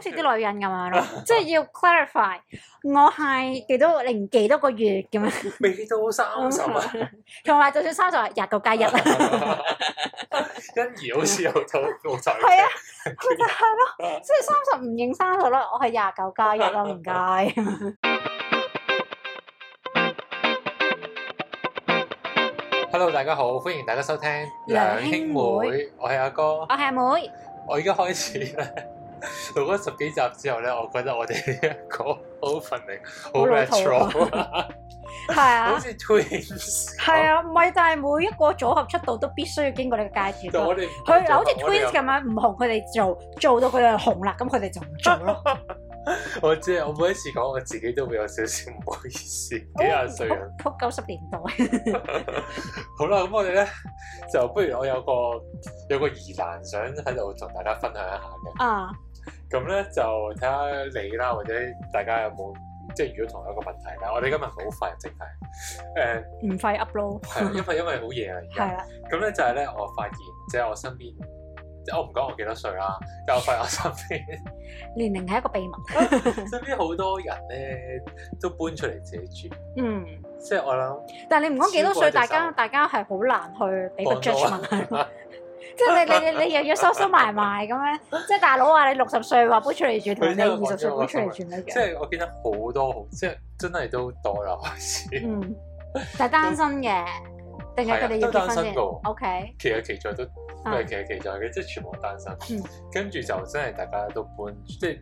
好似啲女人咁樣咯，即係要 clarify 我係幾多零幾多個月咁樣？未到三十啊！同埋就算三十，廿九加一啊！欣宜好似又到六仔，係啊，咪就係咯，即係三十唔認三十啦，我係廿九加一啦，唔該。Hello，大家好，歡迎大家收聽兩兄妹，我係阿哥，我係阿妹，我而家開始咧。錄咗十幾集之後咧，我覺得我哋呢、 啊 啊、一個 opening 好 retro 啊，係啊，好似 twins，係啊，唔係，但係每一個組合出道都必須要經過呢個階段。就我哋佢好似 twins 咁樣唔紅，佢哋做做到佢哋紅啦，咁佢哋就唔做咯。 我知啊，我每一次講我自己都會有少少唔好意思，幾廿歲人，撲九十年代。好啦，咁我哋咧就不如我有個有個疑難想喺度同大家分享一下嘅啊。咁咧就睇下你啦，或者大家有冇即係遇到同一個問題？我哋今日好快，正題誒唔快噏咯，因為因為好夜啦。係 啦。咁咧就係咧，我發現即係、就是、我身邊，哦、不說我唔講、啊就是、我幾多歲啦。又發現我身邊 年齡係一個秘密。 身邊好多人咧都搬出嚟自己住。嗯。即係我諗。但係你唔講幾多歲，大家大家係好難去俾個 judgement 即係你你你你又要收收埋埋咁樣， 即係大佬話你六十歲話搬出嚟住，同你二十歲搬出嚟住一嘅，即係我見得好多，好，即係真係都多啦開始。嗯，就係單身嘅，定係佢哋都單身嘅。O、okay. K、啊。其實其在都唔係，其實其在嘅，即係全部單身。嗯、跟住就真係大家都搬，即係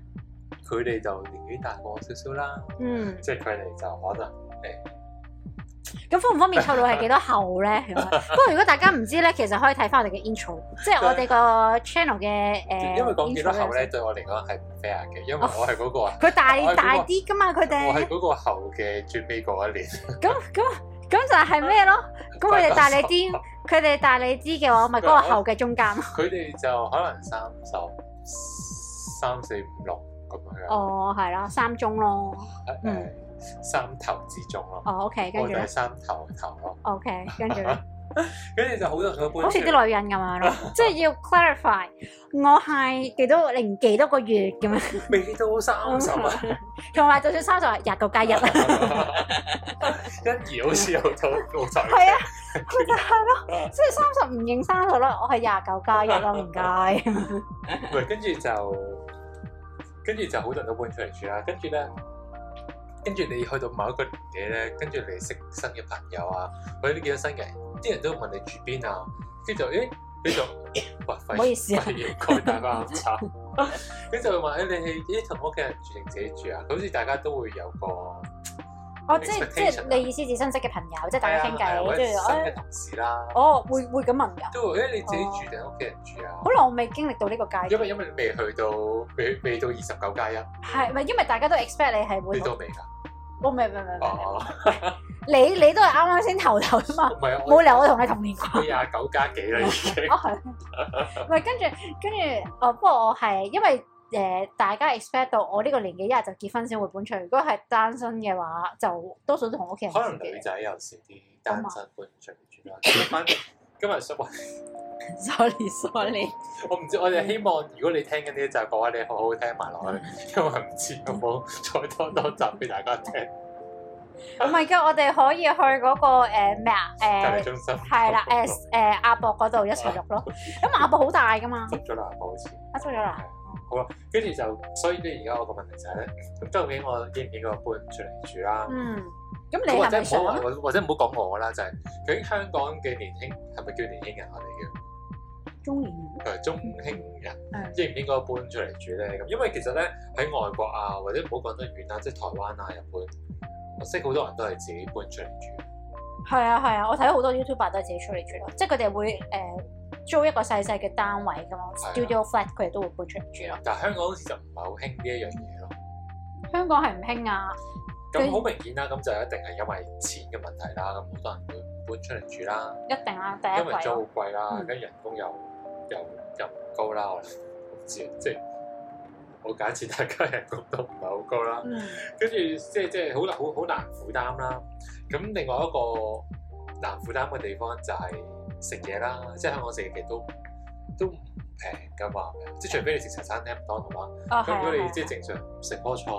佢哋就年紀大過少少啦。嗯。即係佢哋就可能誒。欸咁方唔方便透露係幾多後咧？ 不過如果大家唔知咧，其實可以睇翻我哋嘅 intro， 即係我哋個 channel 嘅因，因為講幾多後咧， 對我嚟講係唔 fair 嘅，因為我係嗰、嗰個。佢、哦、大、嗰個、大啲噶嘛，佢哋。我係嗰、嗰個後嘅最尾嗰一年。咁咁咁就係咩咯？咁佢哋大你啲，佢 哋大你啲嘅話，咪嗰個後嘅中間。佢哋就可能三、十、三四、五、六咁樣。哦，係啦，三中咯，嗯。三頭之中咯，哦，OK，跟住就係三頭頭咯，OK，跟住，跟住就好多人都搬，好似啲女人咁樣咯，即係要 clarify，我係幾多零幾多個月咁樣，未到三十啊，同埋就算三十啊，廿九加一啦，欣怡好似有咗個仔，係啊，咪就係咯，即係三十唔認三十咯，我係廿九加一咯，唔介，唔係，跟住就，跟住就好多人都搬出嚟住啦。跟住咧。跟住你去到某一個年紀咧，跟住你識新嘅朋友啊，或者你幾多新嘅，人，啲人都會問你住邊啊？跟住就誒，跟、欸、住，唔 好事思啊，費事 大家啱差，跟住就會問誒你係同屋企人住定自己住啊？咁好似大家都會有個。Oh, 哦，即係即係你意思，係親戚嘅朋友，即係、啊、大家傾偈，跟住、啊、我新嘅同事啦。哎、哦，會會咁問噶。都會、啊，你自己住定屋企人住啊？好、哦、耐我未經歷到呢個階段。因為因為你未去到，未未到二十九加一。係咪因為大家都 expect 你係會？到未㗎，我未未未。你都、哦、 你，你都係啱啱先頭頭啫嘛。唔、哦、係，冇理由我同你同年級。廿九加幾啦 你已經？ 哦，係。唔跟住跟住，哦，不過我係因為。誒，大家 expect 到我呢個年紀一係就結婚先會搬出嚟，如果係單身嘅話，就多數都同屋企人住。可能女仔有少啲單身搬出嚟住啦。今日 s o r r y sorry，, sorry 我唔知我哋希望如果你聽緊呢集嘅話，你好好聽埋落去， 因為唔知有冇再多多集俾大家聽。唔係嘅，我哋可以去嗰、嗰個誒咩、呃、啊誒，係啦誒誒阿博嗰度 一齊錄咯，咁阿博，博好大㗎嘛。入咗阿博先。啊，咗啦。好啦，跟住就，所以咧，而家我個問題就係、是、咧，究竟我應唔應該搬出嚟住啦、啊？嗯，咁你係咪想？或者唔好講我啦，就係、是、究竟香港嘅年輕係咪叫年輕人我哋叫中年人？佢係中興人，嗯、應唔應該搬出嚟住咧、啊？咁因為其實咧喺外國啊，或者唔好講得遠啊，即係台灣啊、日本，我識好多人都係自己搬出嚟住。係啊係啊，我睇好多 YouTuber 都係自己出嚟住咯，即係佢哋會誒。呃租一個細細嘅單位咁咯 studio flat 佢哋都會搬出嚟住咯。但係香港好似就唔係好興呢一樣嘢咯。香港係唔興啊。咁好明顯啦，咁就，就一定係因為錢嘅問題啦。咁好多人會搬出嚟住啦。一定啦，第一、啊。因為租好貴啦，跟、嗯、住人工又又又唔高啦。我唔知即係、即係、我假設大家人覺工都唔係好高啦。跟住即係即係好難好好難負擔啦。咁另外一個難負擔嘅地方就係、係。食嘢啦，即係香港食嘢其實都都唔平㗎嘛，即係除非你食茶餐廳、麥當勞啦。咁如果你即係正常食菠菜，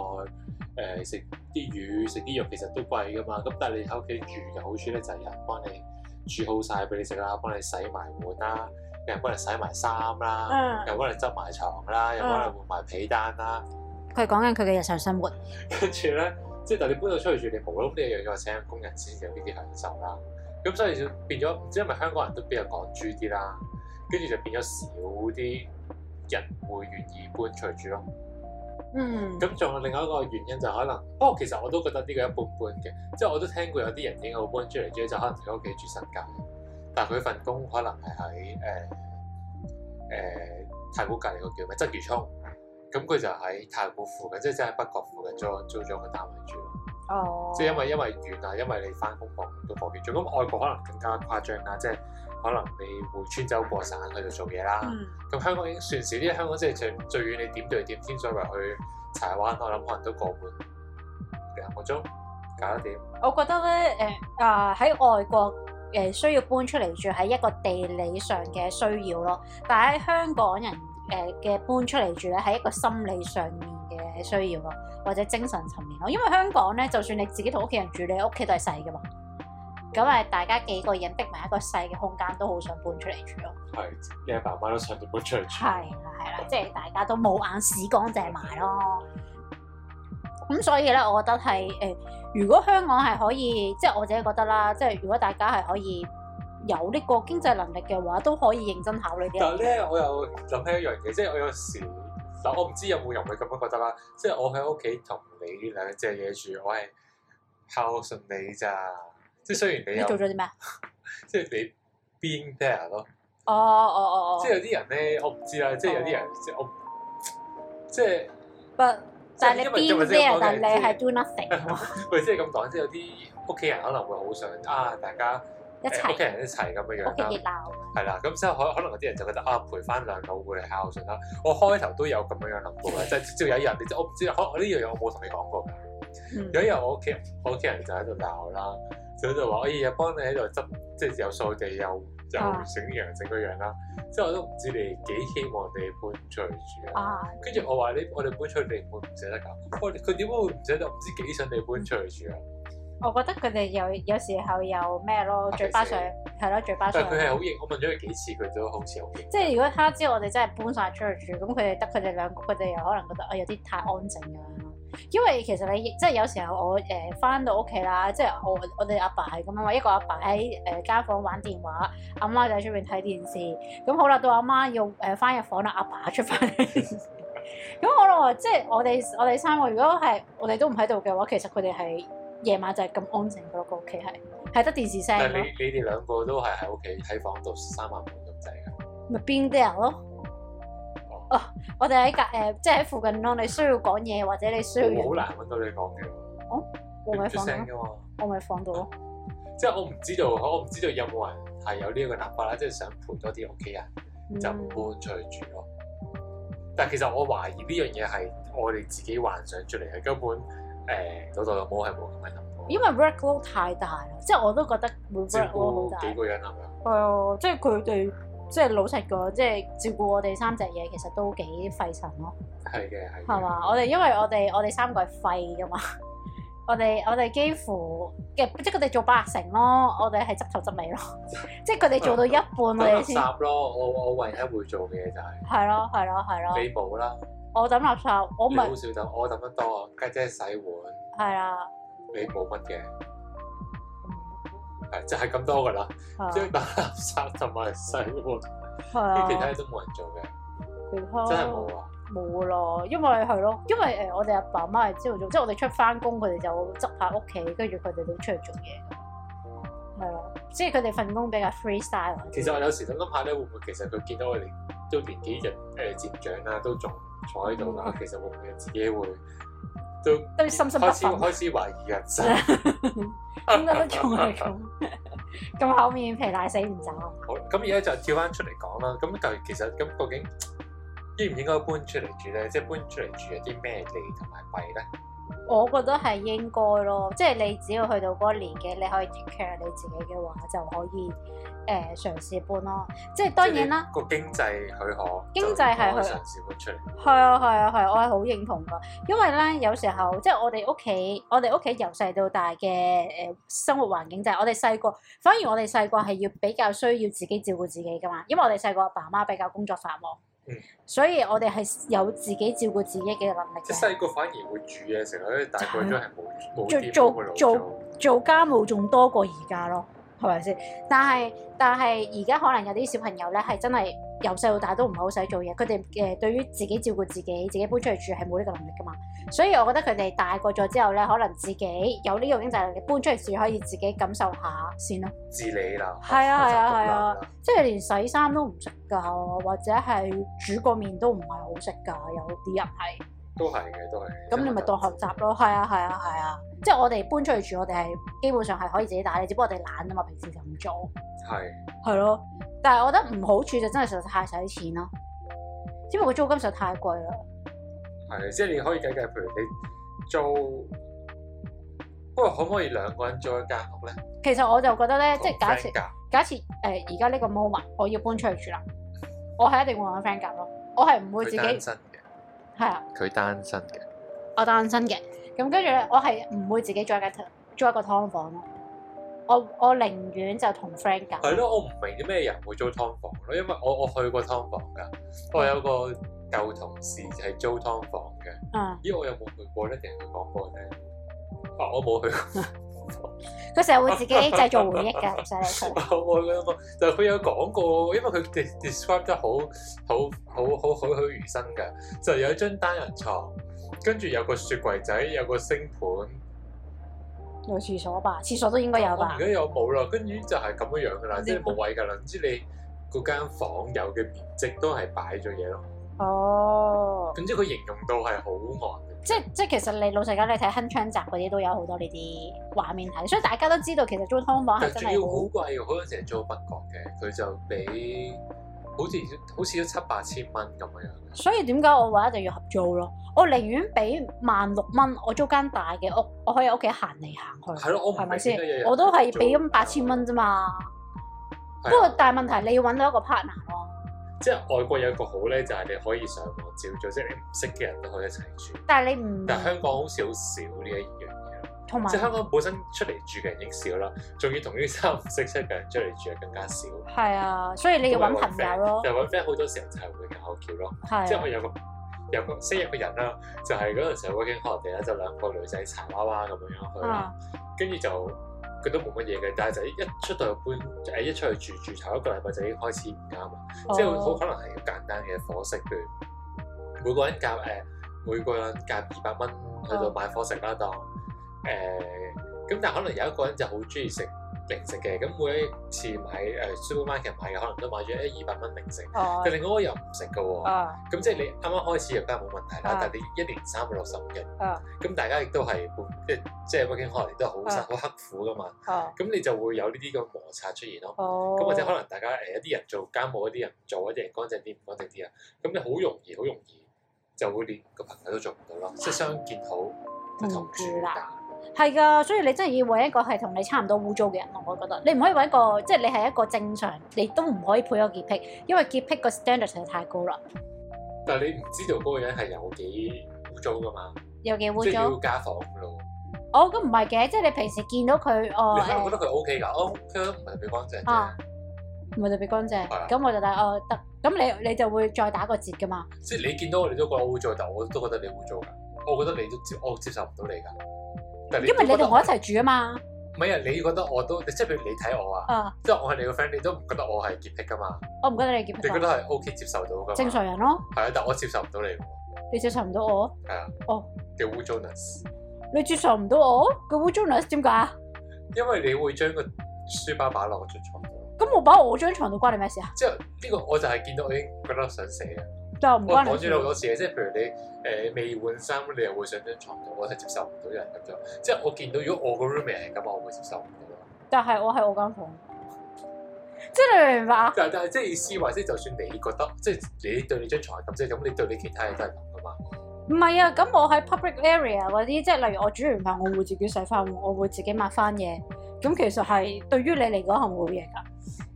誒食啲魚、食啲肉，其實都貴㗎嘛。咁但係你喺屋企住嘅好處咧，就係有人幫你煮好晒俾你食啦，幫你洗埋碗啦，有人幫你洗埋衫啦，又幫你執埋牀啦，又幫你換埋被單啦。佢講緊佢嘅日常生活。跟住咧，即係但你搬到出去住你，你無啦呢樣嘢，養請工人先有呢啲享受啦。咁所以就變咗，唔知係咪香港人都比較講豬啲啦，跟住就變咗少啲人會願意搬出嚟住咯。嗯。咁仲有另外一個原因就可能，不、哦、過其實我都覺得呢個一般般嘅，即係我都聽過有啲人已經好搬出嚟住，就可能喺屋企住新界，但佢份工可能係喺誒誒太古隔籬個叫咩？鰂魚涌，咁佢就喺太古附近，即係即係北角附近租租咗個單位住。住哦、oh.，即係因為因為遠啊，因為你翻工可能都過幾鐘，咁外國可能更加誇張啊，即係可能你會穿州過省去度做嘢啦。咁、mm. 香港已經算少啲香港即係最最遠，你點對點天水圍去柴灣，我諗可能都個半兩個鐘，搞得掂。我覺得咧，誒啊喺外國誒需要搬出嚟住喺一個地理上嘅需要咯，但喺香港人誒嘅搬出嚟住咧喺一個心理上面。需要咯，或者精神層面咯，因為香港咧，就算你自己同屋企人住，你屋企都係細嘅嘛。咁啊，大家幾個人逼埋一個細嘅空間，都好想搬出嚟住咯。係，你爸爸都想搬出嚟住。係，係啦，即係大家都冇眼屎乾淨埋咯。咁 所以咧，我覺得係誒，如果香港係可以，即係我自己覺得啦，即係如果大家係可以有呢個經濟能力嘅話，都可以認真考慮啲。但係咧，我又諗起一樣嘢，即係我有時。嗱，我唔知有冇人會咁樣覺得啦，即係我喺屋企同你兩隻嘢住，我係孝順你咋，即係雖然你，你做咗啲咩，即係你 being there 咯。哦哦哦哦。即係有啲人咧，oh. 我唔知啦，即係有啲人即係我即係，不，但係你 being there，但你係 do nothing 佢即係咁講，即係有啲屋企人可能會好想啊，大家。屋企、欸、人一齊咁樣樣啦，係啦，咁之後可可能有啲人就覺得啊，陪翻兩老會嚟孝順啦。我開頭都有咁樣樣諗過嘅，即係朝有一日，你就，我唔知可呢樣嘢我冇同你講過、嗯。有一日我屋企、嗯、我屋企人就喺度鬧啦，所以就話哎呀，幫你喺度執，即係又掃地又又整樣整嗰樣啦。之後我都唔知你幾希望你搬出去住啊。跟住我話你、嗯，我哋搬出去你唔會唔捨得噶。佢點解會唔捨得？唔知幾想你搬出去住、嗯、啊？我覺得佢哋有有時候又咩咯，嘴、啊、巴上係咯，嘴巴上。佢係好型，我問咗佢幾次，佢都好似好型。即係如果他知道我哋真係搬晒出去住，咁佢哋得佢哋兩個，佢哋又可能覺得啊，有啲太安靜啊。因為其實你即係有時候我誒翻、呃、到屋企啦，即係我我哋阿爸係咁啊嘛，一個阿爸喺誒、呃、間房玩電話，阿媽，媽就喺出邊睇電視。咁好啦，到阿媽要誒翻入房啦，阿爸，爸出翻嚟。咁好啦，即係我哋我哋三個，如果係我哋都唔喺度嘅話，其實佢哋係。夜晚就係咁安靜嗰個屋企係，係得電視聲。但係你你哋兩個都係喺屋企喺房度三萬半咁滯啊！咪邊啲人咯？哦、oh, oh，我哋喺隔誒，即係喺附近咯。你需要講嘢或者你需要人，好難揾到你講嘢咯。哦、oh？我咪放咯，我咪放到咯。 即係我唔知道，我唔知道有冇人係有呢一個諗法啦，即係想陪多啲屋企人，嗯，就唔搬出去住咯。但係其實我懷疑呢樣嘢係我哋自己幻想出嚟嘅，根本。誒、欸，老豆老母係冇咁嘅感覺。因為 workload 太大，即係我都覺得會 workload 好大。照顧幾個人啊？係啊，即係佢哋，即係老實講，即係照顧我哋三隻嘢，其實都幾費神咯。係嘅，係。係嘛？我哋因為我哋我哋三個係廢㗎嘛， 我哋我哋幾乎嘅，即係佢哋做八成咯，我哋係執頭執尾咯， 即係佢哋做到一半我哋先咯，我我唯一會做嘅嘢就係、是。係咯，係咯，係咯。飛補啦。我抌垃圾，我唔。你好少抌，我抌得多啊！家姐，姐洗碗。係啦。你冇乜嘅，係 就係、是、咁多噶啦。即係抌垃圾同埋洗碗，啲其他嘢都冇人做嘅。其他，沒的其他真係冇啊？冇咯，因為係咯，因為誒我哋阿爸阿媽係朝頭早，即、就、係、是、我哋出翻工，佢哋就執下屋企，跟住佢哋都出嚟做嘢。係啊，即係佢哋份工比較 freestyle。其實我有時諗諗下咧，會唔會其實佢見到我哋？都年紀漸長啦，都仲坐喺度啦。其實會唔會自己會都，都深深開始，開始懷疑人生，點、嗯、 都仲係咁咁厚面皮賴死唔走？好咁而家就跳翻出嚟講啦。咁就其實咁究竟應唔應該搬出嚟住咧？即、就、係、是、搬出嚟住有啲咩利同埋弊咧？嗯我覺得係應該咯，即係你只要去到嗰個年紀，你可以 take care 你自己嘅話，就可以誒、呃、嘗試搬咯。即係當然啦，個經濟許可，經濟係去嘗試搬出嚟。係啊係啊係、啊，我係好認同㗎，因為呢有時候即係我哋屋企，我哋屋企由細到大嘅誒生活環境就係、是、我哋細個，反而我哋細個係要比較需要自己照顧自己㗎嘛，因為我哋細個阿爸阿媽比較工作繁忙。所以我哋係有自己照顧自己嘅能力的。即係細個反而會煮嘢食，咧大個咗係冇冇做做做家務仲多過而家咯，係咪先？但係但係而家可能有啲小朋友咧係真係。由細到大都唔係好使做嘢，佢哋誒對於自己照顧自己、自己搬出去住係冇呢個能力㗎嘛，所以我覺得佢哋大個咗之後咧，可能自己有呢個經濟能力搬出去住，可以自己感受下先咯。自理啦。係啊係啊係啊，啊，即係連洗衫都唔識㗎，或者係煮個麵都唔係好食㗎，有啲人係。都係嘅，都係。咁你咪當學習咯，係啊係啊係啊，啊，啊，即係我哋搬出去住，我哋係基本上係可以自己打理，只不過我哋懶啊嘛，平時就唔做。係。係咯，啊。但係我覺得唔好處就真係實在太使錢咯，只不過租金實在太貴啦。係，即係你可以計計，譬如你租，不過可唔可以兩個人租一間屋咧？其實我就覺得咧，即係假設假設誒，而家呢個 moment 我要搬出去住啦，我係一定會揾 friend 夾咯，我係唔會自己。佢單身嘅係啊，佢單身嘅，我單身嘅，咁跟住咧，我係唔會自己再揀租一個劏房咯。我我寧願就同 friend 㗎。係咯，我唔明啲咩人會租劏房咯，因為我我去過劏房㗎。我有個舊同事就係租劏房嘅。啊、嗯！咦，我有冇去過咧，定係佢講過咧？啊，我冇去過。佢成日會自己製造回憶㗎，唔使 理佢。我講過。就佢、係、有講過，因為佢 describe 得好，好好好栩栩如生㗎。就有一張單人床，跟住有個雪櫃仔，有個星盤。有廁所吧，廁所都應該有吧。而家有冇啦，跟住就係咁樣樣噶啦，即係冇位噶啦。唔知你嗰間房有嘅面積都係擺咗嘢咯。哦。總之佢形容到係好惡。即即其實你老實講，你睇《鏗鏘集》嗰啲都有好多呢啲畫面睇，所以大家都知道其實租劏房係真係。但要好貴喎，好多時係租北角嘅，佢就俾。好似好似都七八千蚊咁樣，所以點解我話一定要合租咯。我寧願俾萬六蚊，我租間大嘅屋，我可以喺屋企行嚟行去。係咯，係咪先？我都係俾咁八千蚊啫嘛。不過，但係問題你要揾到一個 partner 咯。即係、啊就是、外國有一個好咧，就係、是、你可以上網照做，即係你唔識嘅人都可以一齊住。但係你唔，但係香港好似好少呢一樣。即係香港本身出嚟住嘅人已經少啦，仲要同啲三唔識七嘅人出嚟住，就更加少了。係啊，所以你要揾朋友咯。 就揾 friend 好多時候就係會拗撬咯。 即係我有個有個識一個人啦，就係嗰陣時喺北京 holiday 咧就兩個女仔柴娃娃咁樣去啦。跟 住就佢都冇乜嘢嘅，但係就是一出到去搬誒一出去住住頭一個禮拜就已經開始唔啱啦。即係好可能係簡單嘅伙食，每個人夾誒每個人夾二百蚊去到買伙食啦，當。 誒、呃、咁，但係可能有一個人就好中意食零食嘅，咁每一次買誒 supermarket、呃、買嘅，可能都買咗一二百蚊零食。啊、但另外個又唔食嘅喎。咁、啊、即係你啱啱開始梗係冇問題啦，啊、但係你一年三百六十五日，咁、啊、大家亦都係即係即係畢竟可能都係好辛苦、刻苦嘅嘛。咁、啊、你就會有呢啲咁摩擦出現咯。咁、啊、或者可能大家誒、呃、一啲人做家務，一啲人做，一啲人乾淨啲，唔乾淨啲啊。咁你好容易，好容易就會連個朋友都做唔到咯。即係相見好，同住難。嗯。係噶，所以你真係要搵一個係同你差唔多污糟嘅人，我覺得你唔可以搵一個，即係你係一個正常，你都唔可以配一個潔癖，因為潔癖個 standard 其實太高啦。但係你唔知道嗰個人係有幾污糟噶嘛？有幾污糟？即係要家訪咯。哦，咁唔係嘅，即係你平時見到佢，哦，你我你、欸、覺得佢 OK 噶，OK 唔係特別乾淨。啊，唔係特別乾淨。咁我就睇哦得，咁你你就會再打個折噶嘛？即係你見到我，你都覺得我污糟，但我都覺得你污糟噶，我覺得你都接我接受唔到你噶。因為你同我一齊住啊嘛，唔係啊，你覺得我都即係譬如你睇我啊，uh. 即係我係你個 friend，你都唔覺得我係潔癖㗎嘛？我唔覺得你潔癖，你覺得係 OK 接受到㗎，正常人咯。係啊，但我接受唔到你，你接受唔到我？係、yeah. 啊、oh.，哦，叫污糟，你接受唔到我？叫污糟點解？因為你會將個書包擺落我張床度，咁我擺我張床度關你咩事啊？之後呢個我就係見到我已經覺得想死啊！唔我講咗好多事嘅，即係譬如你誒、呃、未換衫，你又會上張牀度，我係接受唔到人咁樣。即係我見到，如果我個 roommate 係咁我會接受唔到。但係我喺我間房、嗯，即係你明白？但係但係，即係意思、就是，即就算你覺得，即係你對你張牀係咁，即係咁，你對你其他嘢都係咁啊嘛？唔、嗯、係啊，咁我喺 public area 嗰啲，即係例如我煮完飯，我會自己洗翻碗，我會自己抹翻嘢。咁其實係對於你嚟講係冇嘢㗎。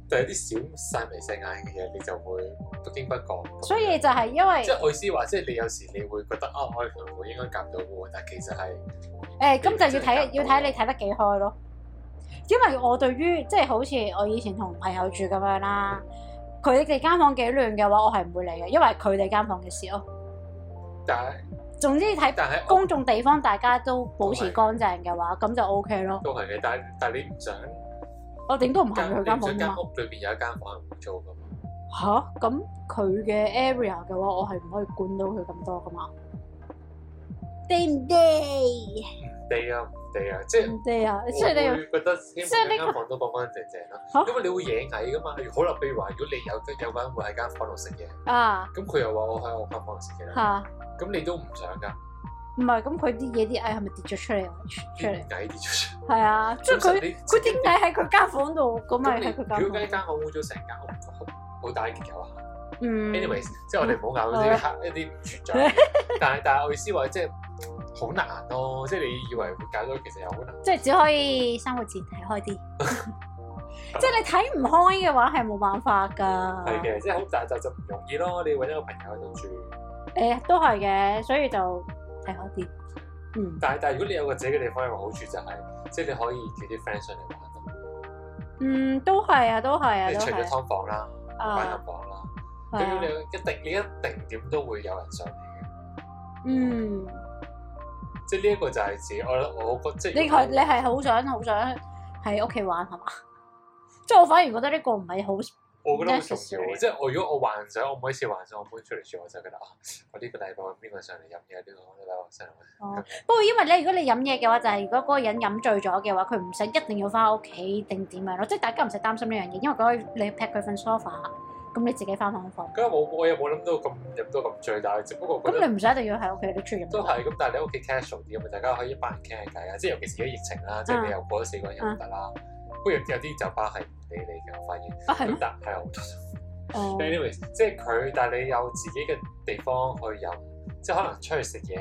就係啲小細眉細眼嘅嘢，你就會不經不覺。所以就係因為即係我意思話，即係你有時你會覺得啊、哦，我可能唔應該夾到喎，但其實係誒，咁、欸、就要睇要睇你睇得幾開咯。因為我對於即係好似我以前同朋友住咁樣啦，佢哋間房幾亂嘅話，我係唔會嚟嘅，因為佢哋間房嘅事咯。但係總之喺公眾地方，大家都保持乾淨嘅話，咁就 OK 咯。都係嘅，但但你唔想。我頂都唔係佢間房，間屋裏邊有一間房係唔租噶嘛。嚇，咁佢嘅 area 嘅話，我係唔可以管到佢咁多噶嘛。地唔地？唔地啊唔地啊，即係唔地啊，即係你會覺得呢間房都乾乾淨淨咯。因為你會惹蟻噶嘛。好啦譬如話，如果你有有個人會喺間房度食嘢啊，咁佢又話我喺我間房度食嘢啊，咁你都唔想噶。唔係，咁佢啲嘢啲蟻係咪跌咗出嚟 啊？出嚟，蟻跌咗出嚟。係啊，即係佢佢點解喺佢間房度？咁咪喺佢間房。點解污咗成間屋？好大結構啊。嗯。Anyways，、嗯、即係我哋唔好拗啲黑一啲唔存在 但，但係但係我意思話，即係好難咯、哦。即、就、係、是、你以為會搞到，其實又好難。即 係只可以生活前提睇開啲。 即係你睇唔開嘅話，係冇辦法㗎。係嘅，即係好雜就是、窄窄就唔容易咯。你要揾一個朋友喺度住。誒、欸，都係嘅，所以就。係可以，嗯。但係但係如果你有一個自己嘅地方嘅話，好處就係、是，即係你可以叫啲 friend 上嚟玩。嗯，都係啊，都係啊，你除咗劏房啦，劏、啊、房啦，咁、啊、你一定你一定點都會有人上嚟嘅。嗯。即係呢一個就係自己我我覺即係你係你係好想好想喺屋企玩係嘛？即係我， 我反而覺得呢個唔係好。我覺得好重要，即係我如果我幻想，我每一次幻想我搬出嚟住，我就覺得啊，我呢個禮拜邊個上嚟飲嘢，邊個呢個禮拜上嚟。哦。不過因為咧，如果你飲嘢嘅話，就係如果嗰個人飲醉咗嘅話，佢唔使一定要翻屋企定點樣咯，即係大家唔使擔心呢樣嘢，因為佢你劈佢份 sofa，咁你自己翻房瞓。咁我冇，我又冇諗到咁飲到咁醉，但係只不過覺得。咁你唔使一定要喺屋企度飲。都係，咁但係你屋企 casual 啲，咁大家可以一班人傾下偈啊，即係尤其而家疫情啦、嗯，即係你又過咗四個人又得啦。嗯嗯。不如有啲酒吧係唔理你嘅，我發現。咁但係好多。哦。 oh. anyways，即係佢，但係你有自己嘅地方去飲，即係可能出去食嘢，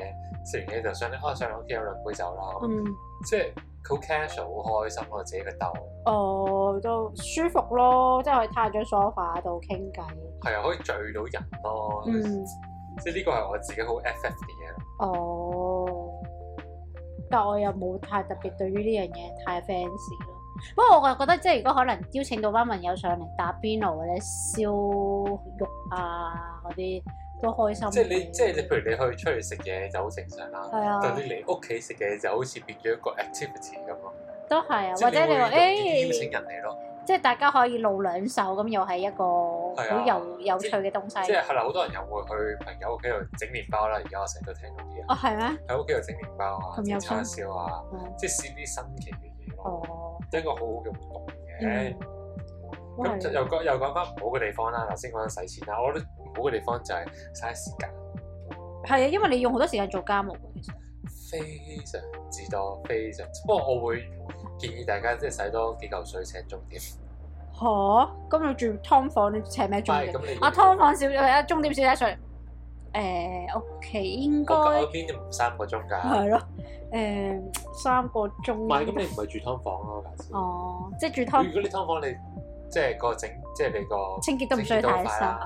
食完嘢就上，可能上樓睇有兩杯酒啦。Mm. 即係好 casual, 好開心咯，我自己嘅竇。哦、oh，都舒服咯，即係以太張梳化度傾偈。係 啊，可以聚到人咯。嗯、mm.。即係呢個係我自己好 effect 嘅嘢咯。哦、oh.。但我又冇太特別對於呢樣嘢太 fancy。不過我覺得即係如果可能邀請到班朋友上嚟打邊爐或者燒肉啊嗰啲都開心。即係你即係你，譬如你去出去食嘢就好正常啦。係啊，但係你嚟屋企食嘢就好似變咗一個 activity 咁咯。都係啊，或者你話誒、哎、邀請人嚟咯，即係大家可以露兩手咁，又係一個好有、啊、有趣嘅東西。即係係啦，好多人又會去朋友屋企度整麵包啦，而家我成日都聽到啲人。哦，係咩？喺屋企度整麵包啊，整叉燒啊，嗯、即係試啲新奇嘅嘢咯。哦。一個好用的、嗯、的好用嘅，咁又講又講翻唔好嘅地方啦。嗱，先講使錢啦。我覺得唔好嘅地方就係嘥時間。係啊，因為你用好多時間做家務啊，其實非常之多，非常之。不過我會建議大家即係使多幾嚿水請鐘點。嚇？咁你住劏房你請咩鐘點？啊劏房少咗，啊鐘點少咗上誒屋企應該，我隔屋邊三個鐘㗎。係咯，誒、uh, 三個鐘。唔係咁，你唔係住劏房咯？哦，uh, 即係住劏房，如果你劏房，你即係、個整，即係你個清潔都唔需要太嘥。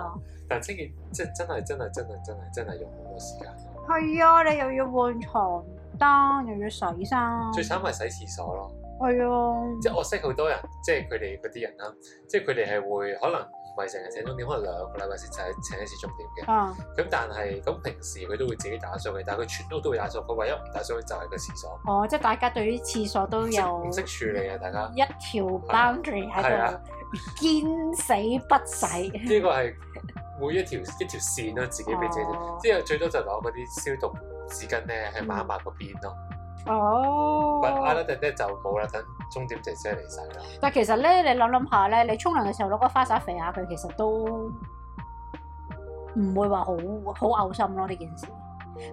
但清潔即係真係真係真係真係真係用好多時間。係啊，你又要換床單，又要洗衫。最慘係洗廁所咯。係啊。即係我識好多人，即係佢哋嗰啲人啦，即係佢哋係會可能。唔係成日請鐘點，可能兩個禮拜先就係請一次鐘點嘅。咁、啊、但係咁平時佢都會自己打掃嘅，但係佢全屋都會打掃。佢唯一唔打掃就係個廁所。哦，即係大家對於廁所都有唔識處理啊！大家一條 boundary 喺度、啊、堅死不洗。呢、呢個係每一條一條線都自己俾自己、哦。之後最多就攞嗰啲消毒紙巾咧，喺抹一抹個邊咯。嗯哦，唔係，I don't know 就冇啦，等終點姐姐嚟洗咯。但係其實咧，你諗諗下咧，你沖涼嘅時候攞個花灑肥下佢，其實都唔會話好好嘔心咯、啊、呢件事。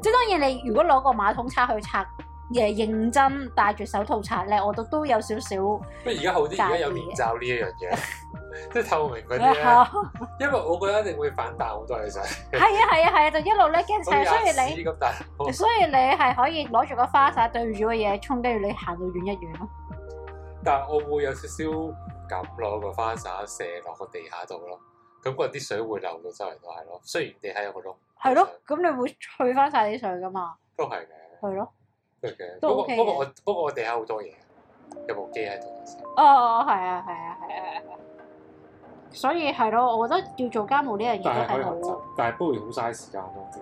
即係當然，你如果攞個馬桶刷去擦。誒認真戴住手套擦咧，我都都有少少。不過而家好啲，而家有面罩呢一樣嘢，即係透明嗰啲 因為我覺得一定會反彈好多嘅，其 實、啊。係啊係啊係啊！就一路咧驚曬， 所以你， 所以你係 可以攞住個花灑對住個嘢衝，跟住你行到遠一遠咯。但係我會有少少咁攞個花灑射落個地下度咯，咁嗰啲水會流到周圍都係咯。雖然地下有個窿。係咯。咁你會去翻晒啲水噶嘛？都係嘅。係咯。不過不過我不過我地有好多嘢，有部機喺度。哦，係啊，係啊，係啊，係啊。所以係咯，我覺得要做家務呢樣嘢都係好，但係不過好嘥時間，我知。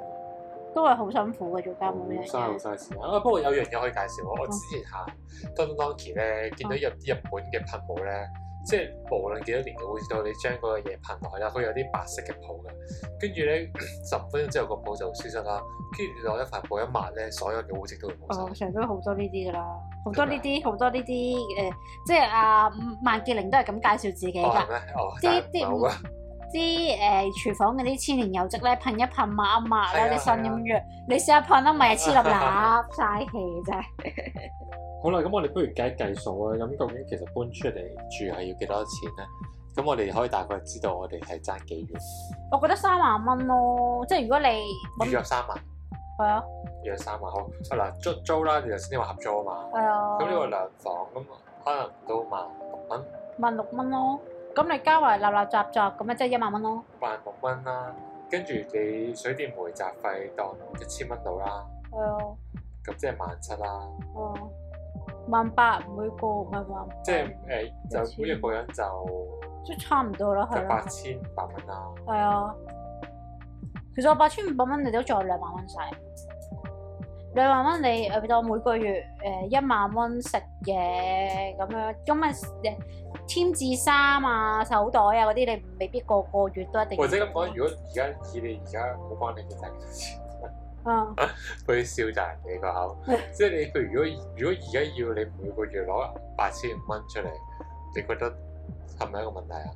都係好辛苦嘅做家務呢樣嘢。嘥好嘥時間啊、嗯嗯！不過有樣嘢可以介紹，哦、我之前行東京嗰陣咧，見到有啲日本嘅噴霧咧。哦即係無論幾多年嘅污跡，你將嗰個嘢噴落去啦，佢有啲白色嘅泡嘅，跟住咧，十分鐘之後個泡就消失啦。跟住你攞一塊布一抹咧，所有嘅污跡都會冇晒。哦，成日都好多呢啲㗎啦，好多呢啲，好多呢啲誒，即係阿萬傑玲都係咁介紹自己㗎。點、哦、啊？啲誒廚房嗰啲千年油漬咧，噴一噴抹一抹咧，啲咁嘅，你試下噴得咪黐粒笠，嘥氣、啊啊、真係。 好啦，咁我哋不如計計數啊！咁究竟其實搬出嚟住係要幾多錢咧？咁我哋可以大概知道我哋係爭幾遠。我覺得三萬蚊咯，即係如果你預約三萬，係、嗯、啊，預約三萬好嗱，租租啦，你頭先話合租啊嘛，係啊，咁呢個兩房咁可能到萬六蚊，萬六蚊咯。咁你加埋立立雜雜，咁啊即係一萬蚊咯，萬六蚊啦，跟住你水電煤雜費當一千蚊度啦，係啊，咁即係萬七啦，哦、啊，萬八每個唔係萬，即係誒，就每一個人就，即係差唔多啦，係啊，八千五百蚊啦。係啊，其實我八千五百蚊你都仲有兩萬蚊使。兩萬蚊你誒當每個月誒一萬蚊食嘢咁樣，因為誒添置衫啊、手袋啊嗰啲，你未必個個月都一定。或者咁講，如果而家以你而家好穩定嘅收入，啊，佢笑就人哋個口，即係你佢如果如果而家要你每個月攞八千五蚊出嚟，你覺得係咪一個問題啊？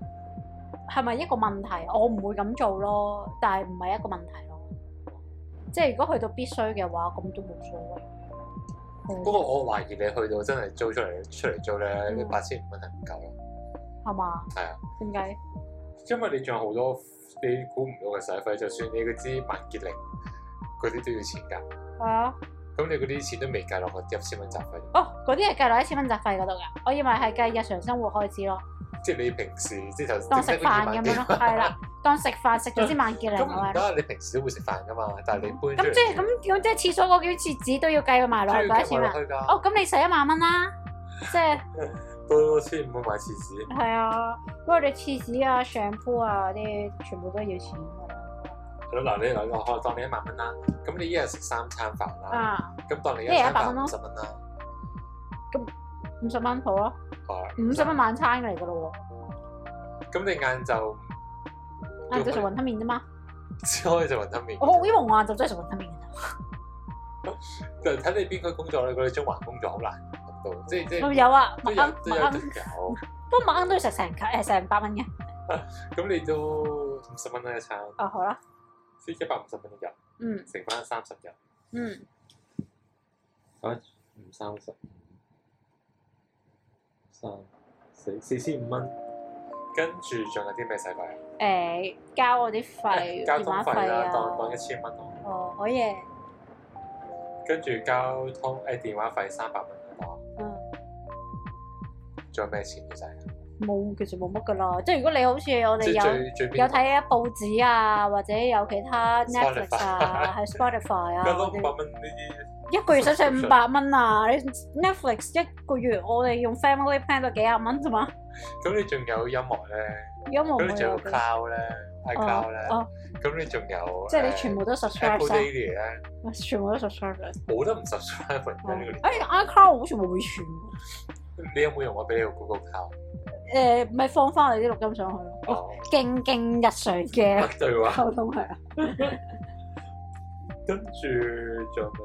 係咪一個問題？我唔會咁做咯，但係唔係一個問題咯。即係如果去到必須嘅話，咁都冇所謂。不、嗯、過我懷疑你去到真係租出嚟出嚟租咧，你八千五蚊係唔夠咯。係嘛？係啊。點解？因為你仲有好多你估唔到嘅使費，就算你嗰支萬潔靈嗰啲都要錢㗎。係啊。咁你嗰啲錢都未計落去一千蚊雜費。哦，嗰啲係計落一千蚊雜費嗰度㗎，我以為係計日常生活開支咯。即係你平時即係就 當食飯咁樣咯，係 啦、 嗯，當食飯食咗先萬叫你嘅。咁而你平時都會食飯噶嘛？嗯、但係你搬咁即係咁，即係廁所嗰幾廁紙都要計埋落去幾多錢啊？哦，咁你使一萬蚊啦，即係多先唔蚊買廁紙。係啊，不過你廁紙啊、上鋪啊啲全部都要錢㗎。係咯，嗱、啊、你嚟我當你一萬蚊啦。咁你一日食三餐飯啦。咁、啊、當你一日食五十蚊啦。咁五十蚊好咯、啊。五十蚊晚餐嚟噶咯，咁你晏晝晏晝食雲吞麵啫嘛，只可以食雲吞麵。我因為晏晝真係食雲吞麵嘅，就睇你邊個工作啦。你覺得中環工作好難，即係即係有啊，晚黑晚黑有，不過晚黑都要食成誒成百蚊嘅。咁你都五十蚊咧一餐啊？好啦，先一百五十蚊一日，嗯，成返三十日，嗯，好五三十。三、嗯、四四千五蚊，跟住仲有啲咩使費？誒、欸，交我啲費、欸，交通費啦、啊啊，當當一千蚊咯、啊。哦，可、哦、以、欸。跟住交通誒，電話費三百蚊一個。嗯。仲有咩錢，使費呢？冇，其實冇乜噶啦。即係如果你好似我哋有有睇報紙啊，或者有其他 Netflix 啊，喺、啊啊、Spotify 啊。嗯、我五百蚊呢啲？一個月使晒五百蚊啊、嗯、你！Netflix 一個月我哋用 Family Plan 就幾十啊蚊啫嘛。咁你仲有音樂咧？音樂我仲有 Cloud 咧 iCloud 哦。咁、uh, 你仲有？即係你全部都 subscribe、uh,。Apple Daily 咧，全部都 subscribe。冇得唔 subscribe？、啊 uh, 個呢哎 iCloud 我好似冇會員。你有冇用我俾你嘅 Google Cloud？誒、呃，咪放翻我哋啲錄音上去咯。哦、oh.。勁勁日常嘅對話溝通係啊。 跟住仲有咩？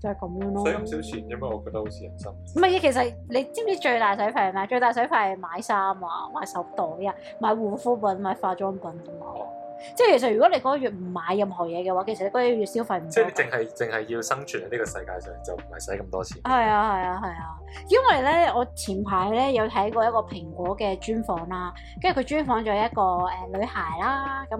就係咁樣咯，使咁少錢啫嘛，因為我覺得好似人生。唔係啊，其實你知唔知最大使費係咩？最大使費係買衫啊，買手袋啊，買護膚品，買化妝品。哦，即係其實如果你嗰月唔買任何嘢嘅話，其實你嗰月消費唔多。即係你淨係淨係要生存喺呢個世界上，就唔係使咁多錢。係啊係啊係啊，因為咧，我前排咧有睇過一個蘋果嘅專訪啦，跟住佢專訪咗一個誒女孩啦，咁。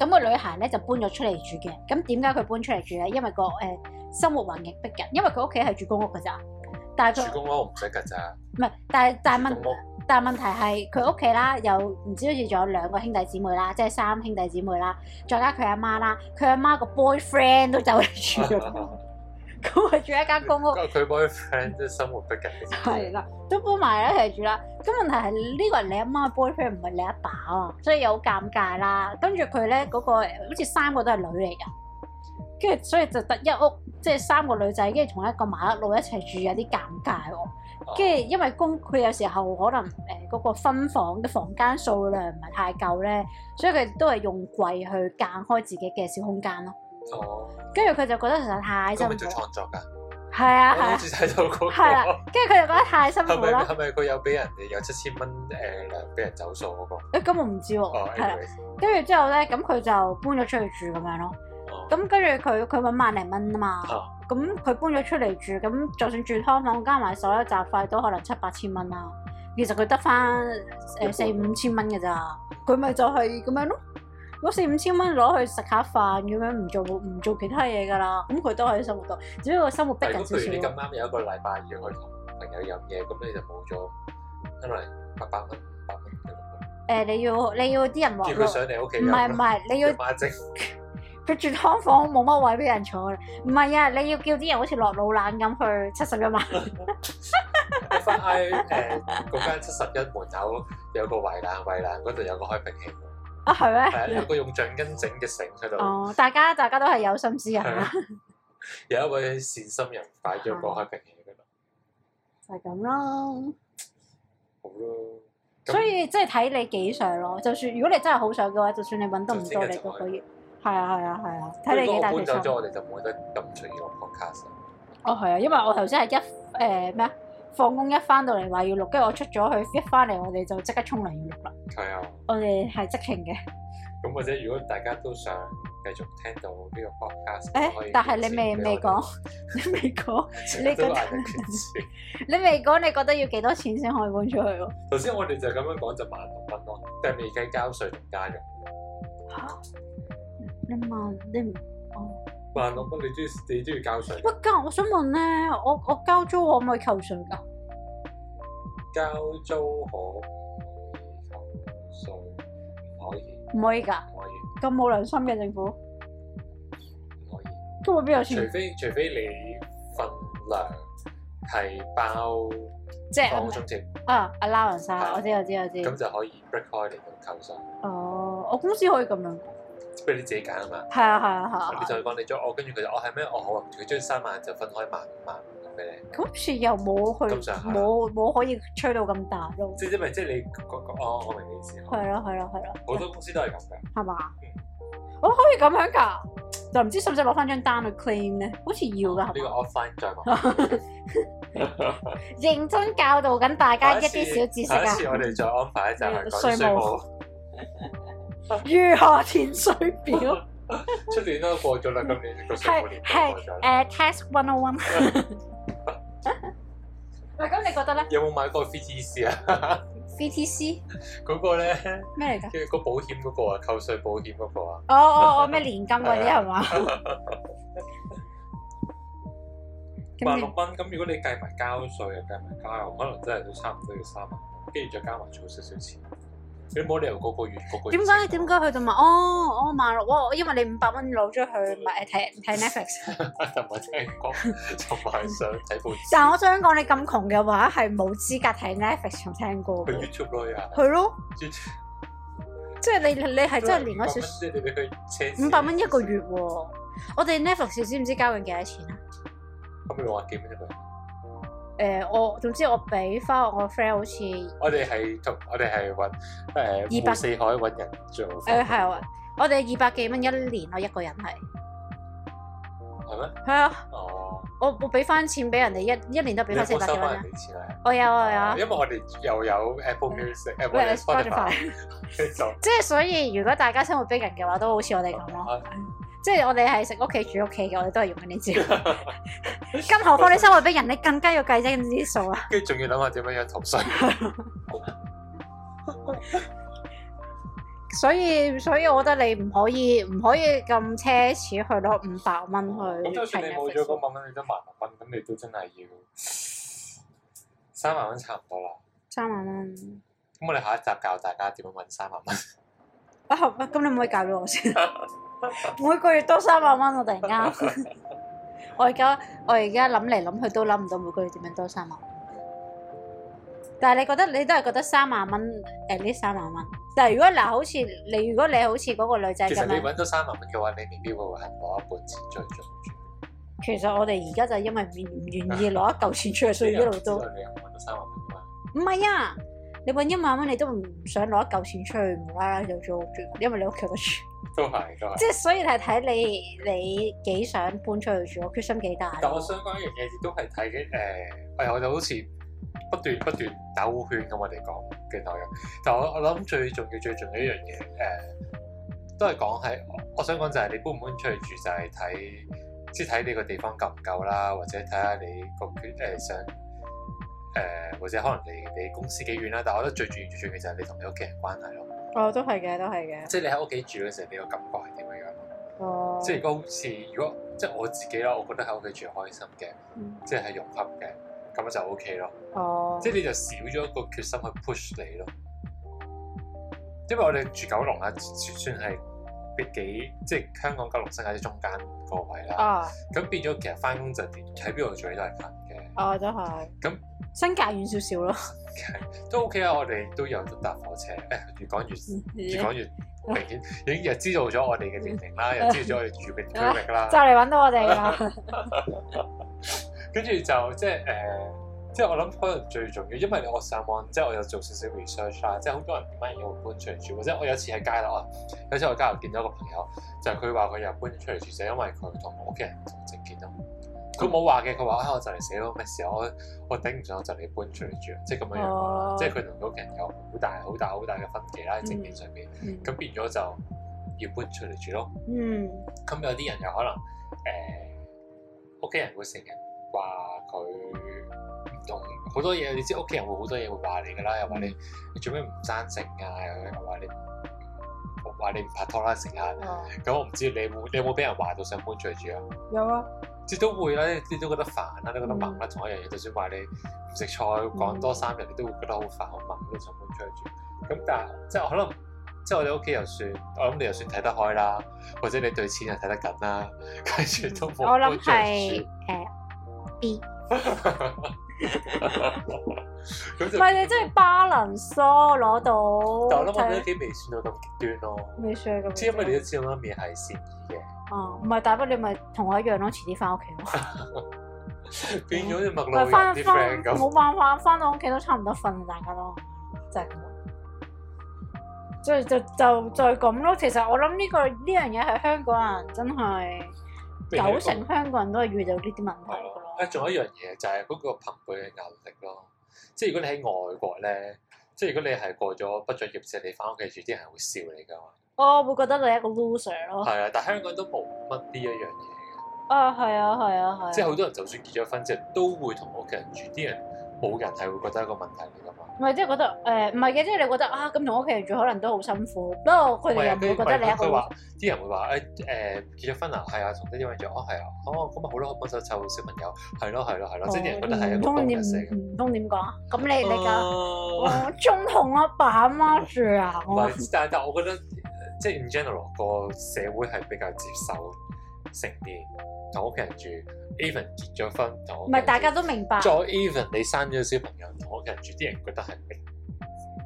咁、那個女孩咧就搬咗出嚟住嘅。咁點解佢搬出嚟住咧？因為個誒、呃、生活環境逼人，因為佢屋企係住公屋嘅咋，但係住公屋唔使計咋。唔係，但係但係問，但係問題係佢屋企啦，又唔知好似仲有兩個兄弟姊妹啦，即係三兄弟姊妹啦，再加佢阿媽啦，佢阿媽個 boyfriend 都走嚟住的。 咁 佢住一間公屋，佢 boyfriend 即係生活不緊係啦，都搬埋一齊住啦。咁問題係呢、這個人你阿媽 boyfriend 唔係你阿爸啊，所以有好尷尬啦。跟住佢咧嗰個好似三個都係女嚟㗎，跟住所以就得一屋，即、就、係、是、三個女仔跟住同一個麻甩佬一齊住，有啲尷尬喎、啊。跟 住因為公佢有時候可能誒嗰個分房嘅 房間數量唔係太夠咧，所以佢都係用櫃去間開自己嘅小空間咯。跟住佢就覺得實在太辛苦做創作噶，係啊係啊，跟、啊、住啦、那個，跟住佢就覺得太辛苦咯。係咪佢有俾人哋有七千蚊誒俾人走數嗰、那個？誒、欸，咁我唔知喎，係、哦、啦。跟住、啊、之後咧，咁佢就搬咗出去住咁樣咯。咁跟住佢佢搵萬零蚊啊嘛。咁、哦、佢搬咗出嚟住，咁就算住劏房加埋所有雜費，都可能七八千蚊啦。其實佢得翻誒四五千蚊嘅咋，佢咪、嗯、就係咁樣咯。攞四五千蚊攞去食下飯咁樣，唔做唔做其他嘢噶啦，咁佢都可以生活到，只不過生活逼緊少少。譬如你咁啱有一個禮拜二，去同朋友飲嘢，咁你就冇咗，因為八百蚊八百蚊嘅。誒，你要你要啲人喎，叫佢上你屋企。唔係唔係，你要。阿佢住劏房，冇乜位俾人坐。唔 係啊，你要叫啲人好似落老蘭咁去七十一萬。喺誒嗰間七十一門口有個圍欄，圍欄嗰度有個開瓶器。啊，係咩？係一個用橡筋整嘅繩喺度。 哦，大家大家都係有心思人，啊。有一位善心人帶咗個開瓶器嘅。就係咁咯。好咯。所以即係睇你幾想咯。就算如果你真係好想嘅話，就算你揾得唔多，你都可，啊啊啊啊，以。係啊係啊係啊，睇你幾大搬走咗我哋就冇得咁隨意落 podcast。哦，係啊，因為我頭先係一誒咩啊？呃放工一翻到嚟，話要錄，跟住我出咗去，一翻嚟我哋就即刻沖涼要錄啦。係啊，我哋係即興嘅。咁或者如果大家都想繼續聽到呢個 podcast，可以。但係你未未講，你未講，你覺得你未講，你覺得要幾多錢先可以搬出去咯？頭先我哋就咁樣講就萬六蚊咯，但係未計交稅同家用嘅。吓？你問你唔？話老公，你中意你中意交稅？不交，我想問咧，我我交租可唔可以扣稅噶？交租可扣稅？可以？唔可以噶？可以。咁冇良心嘅政府。可以。今日邊有錢？除非除非你份量係包，即係嗰種情啊 allowance 我知、啊、我知我知，咁、啊、就可以 break 開嚟咁扣稅。哦，我公司可以咁樣。俾你自己揀啊嘛，係啊係啊係啊，佢、啊啊啊、就幫你將我跟住佢就哦，係咩我好佢將三萬就分開萬五萬咁俾你，咁似又冇去冇冇可以吹到咁大咯，即係即係即係你講講哦，我明你意思，係咯係咯係咯，好、啊啊、多公司都係咁嘅，係嘛，我可以咁樣㗎，就唔知使唔使攞翻張單去 claim 咧，好似要㗎，呢、哦這個我再講， 認真教導緊大家一啲小知識啊，下次我哋再安排就係稅務。 如何填稅表？出 年都過咗啦，今年個稅嗰啲過晒啦。係係誒，test one o one。咁、呃、 你覺得咧？有冇買過 VTC 啊 ？VTC 嗰個咧咩嚟噶？跟住、嗰個保險嗰、嗰個啊，扣稅保險嗰個啊。哦哦哦，咩年金嗰啲係嘛？萬六蚊，咁如果你計埋交稅啊，計埋交，可能真係都差唔多要三萬跟住再加埋儲少,少少錢。你冇理由個個月、個個月點解？點解去到？買哦哦萬六喎、哦，因為你五百蚊攞咗去買睇睇 Netflix，就 唔聽歌，就 係想睇報紙。但我想講，你咁窮嘅話，係冇資格睇 Netflix、聽歌。去 YouTube 咯啊？係咯， 即係你你係真係連咗少少你俾佢五百蚊一個月喎。我哋 Netflix 知唔知交緊幾多錢啊？咁你話幾蚊一個月。 誒、呃、我總之我俾翻我個 friend 好似，我哋係同我哋係揾誒二百四海揾人做。誒、呃、係，我哋二百幾蚊一年咯，我一個人係。係咩？係啊、哦。哦。我我俾翻錢俾人哋一一年都俾翻四百幾蚊啦。我我有我、哦、有，有、呃。因為我哋又有 Apple Music、Spotify、嗯、即係、啊、 所以如果大家生活逼人嘅話，都好似我哋咁咯。即係我哋係食屋企住屋企嘅，我哋都係用緊呢啲。更何況你生活俾人，你更加要計呢啲數啊！跟住仲要諗下點樣樣逃稅。所以，所以我覺得你唔可以，唔可以咁奢侈去攞五百蚊去。咁就算你冇咗嗰萬蚊，你得萬萬蚊，咁你都真係要三萬蚊差唔多啦。三萬蚊。咁我哋下一集教大家點樣搵三萬蚊。好，咁你唔可以教俾我先。每個月多三萬蚊，我突然間。我而家我而家諗嚟諗去都諗唔到每個月點樣多三萬，但係你覺得你都係覺得三萬蚊誒呢三萬蚊？但係如果嗱，好似你如果你好似嗰個女仔咁，其實你揾到三萬蚊嘅話，你未必會係攞一半錢出去做住。其實我哋而家就因為唔願意攞一嚿錢出去，所以一路都唔係啊！你揾一萬蚊，你都唔想攞一嚿錢出去，無啦啦就做住因為你屋企。都係，都係，即係所以係睇你你幾想搬出去住咯，我決心幾大。但我想講一樣嘢，亦都係睇嘅，誒，係我哋好似不斷不斷兜圈咁，我哋講嘅內容。但我我諗最重要、最重要一樣嘢，誒，都係講，係我想講就係你搬唔搬出去住，就係睇即係睇你個地方夠唔夠啦，或者睇下你個決誒想誒、呃，或者可能離你，你公司幾遠啦。但係我覺得最重要、最重要就係你同你屋企人關係咯。哦，都係嘅，都係嘅。即係你喺屋企住嘅時候，你個感覺係點樣樣？哦。即係如果好似，如果即係我自己啦，我覺得喺屋企住係開心嘅、嗯，即係融合嘅，咁樣就 OK 咯。哦。即係你就少咗個決心去 push 你咯。因為我哋住九龍呀，算係比較即係香港九龍、新界啲中間個位啦。啊。咁變咗，其實翻工就喺邊度做都係嘅。哦，真係咁，新界遠少少咯，都 OK 啊！我哋都有搭火車。越講越，越講越明顯， 已經知 又知道咗我哋嘅地點啦，又知道咗我哋住嘅區域啦，啊。 就嚟揾到我哋啦！跟住就即係誒，即係我諗可能最重要，因為我上網，即、就、係、是、我又做少少 research 啦。即係好多人點解要搬出嚟住，或者我一有一次喺街度啊，有次我街度見到一個朋友，就佢話佢又搬出嚟住，就是、因為佢同屋企人。佢冇話嘅，佢話：啊，我就嚟死咯！咩事？我我頂唔上，我就嚟搬出嚟住，即係咁樣樣啦。Oh. 即係佢同屋企人有好大、好大、好大嘅分歧啦，喺正面上面。咁、mm-hmm. 變咗就要搬出嚟住咯。嗯。咁有啲人又可能誒，屋、呃、企人會成日話佢唔同，好多嘢你知，屋企人會好多嘢會話你㗎啦，又話你你做咩唔生性啊？又話你。話你唔拍拖啦，成日，咁、嗯、我唔知你有冇，你有冇俾人話到想搬出去住啊？有啊，啲都會啦、啊，啲都覺得煩啦、啊，都覺得猛啦、啊，仲、嗯、有一樣嘢，就算話你唔食菜，講多三日、嗯，你都會覺得好煩，好猛，都想搬出去住。咁但係，即係可能，即係我哋屋企又算，我諗你又算睇得開啦，或者你對錢又睇得緊啦、啊，跟住都冇、嗯。我諗係誒 B。 呃 e. 唔 係你真係巴倫梳攞到，但我諗我呢幾未算到咁極端咯。未算咁，知唔知你都知道媽咪係善意嘅。哦、啊，唔係，大不了咪同我一樣咯，遲啲翻屋企咯。 變咗啲麥老闆啲 friend 咁，冇辦法，翻到屋企都差唔多瞓，大家咯，就係咁。就就就就咁咯。其實我諗呢、這個呢樣嘢係香港人真係九成香港人都係遇到呢啲問題。 仲有一樣嘢就係、是、嗰個朋輩嘅壓力咯。即係如果你喺外國咧，即係如果你係過咗畢咗業之後，你翻屋企住，啲人係會笑你噶嘛。哦，我會覺得你係一個 loser 咯。係啊，但係香港都冇乜呢一樣嘢嘅。啊，係啊，係啊，係、啊。即係好多人就算結咗婚之後都會同屋企人住啲人。冇人係會覺得一個問題嚟㗎嘛，唔係即係覺得誒唔係嘅，即、哎、係、即係、你覺得啊咁同屋企人住可能都好辛苦，不過佢哋又唔會覺得你一佢話。啲人會話誒誒結咗婚啊，係啊，同呢啲人住哦係啊哦咁啊，啊好咯，幫手湊小朋友係咯係咯係咯，即係、嗯即係、啲人覺得係一個幫人成。唔通點講？咁、嗯嗯嗯嗯、你你講中同阿爸阿媽住啊？唔、啊、 但係但係我覺得即係、即係、in general 個社會係比較接受成別。同屋企人住，even 結咗婚同屋企人住，唔係大家都明白。再 even 你生咗小朋友同屋企人住，啲人覺得係明，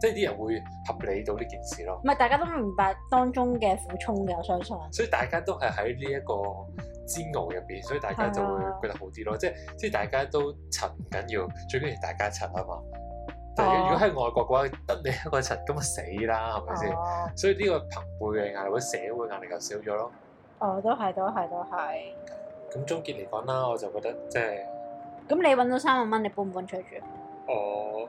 即係啲人會合理到呢件事咯。唔係大家都明白當中嘅苦衷嘅，我相信。所以大家都係喺呢一個煎熬入邊，所以大家就會覺得好啲咯。啊、即係即係大家都襯唔緊要，最緊要大家襯啊嘛。但係、哦、如果喺外國嘅話，得你一個襯，咁啊死啦，係咪先？所以呢個朋輩嘅壓力、社會壓力就少咗咯。哦，都係，都係，都係。咁總結嚟講啦，我就覺得即係。咁你揾到三萬蚊，你搬唔搬出去住？我誒、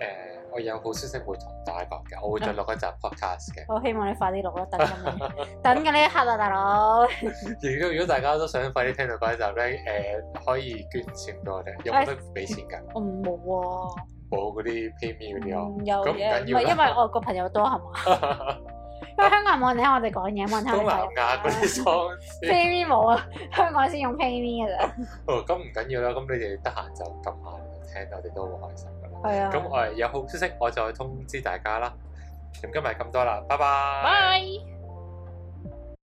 呃，我有好消息會同大家講嘅，我會再錄一集 podcast 嘅、嗯。我希望你快啲錄啦，等緊， 等緊呢一刻啊，大佬！如果如果大家都想快啲聽到嗰一集咧，誒、呃、可以捐錢俾我哋，有冇得俾錢㗎、哎？我冇。冇嗰啲 payme 嗰啲啊？咁唔緊要，因為我個朋友多係嘛？ 香港人冇人聽，我哋講嘢，冇人聽。東南亞嗰啲喪 PayMe 冇啊，香港先 用 PayMe 嘅、啊、啫。 哦，咁唔緊要啦，咁你哋得閒就撳下，聽到我哋都好開心噶啦。係啊。咁我哋有好消息，我再通知大家啦。咁今日咁多啦，拜拜。Bye.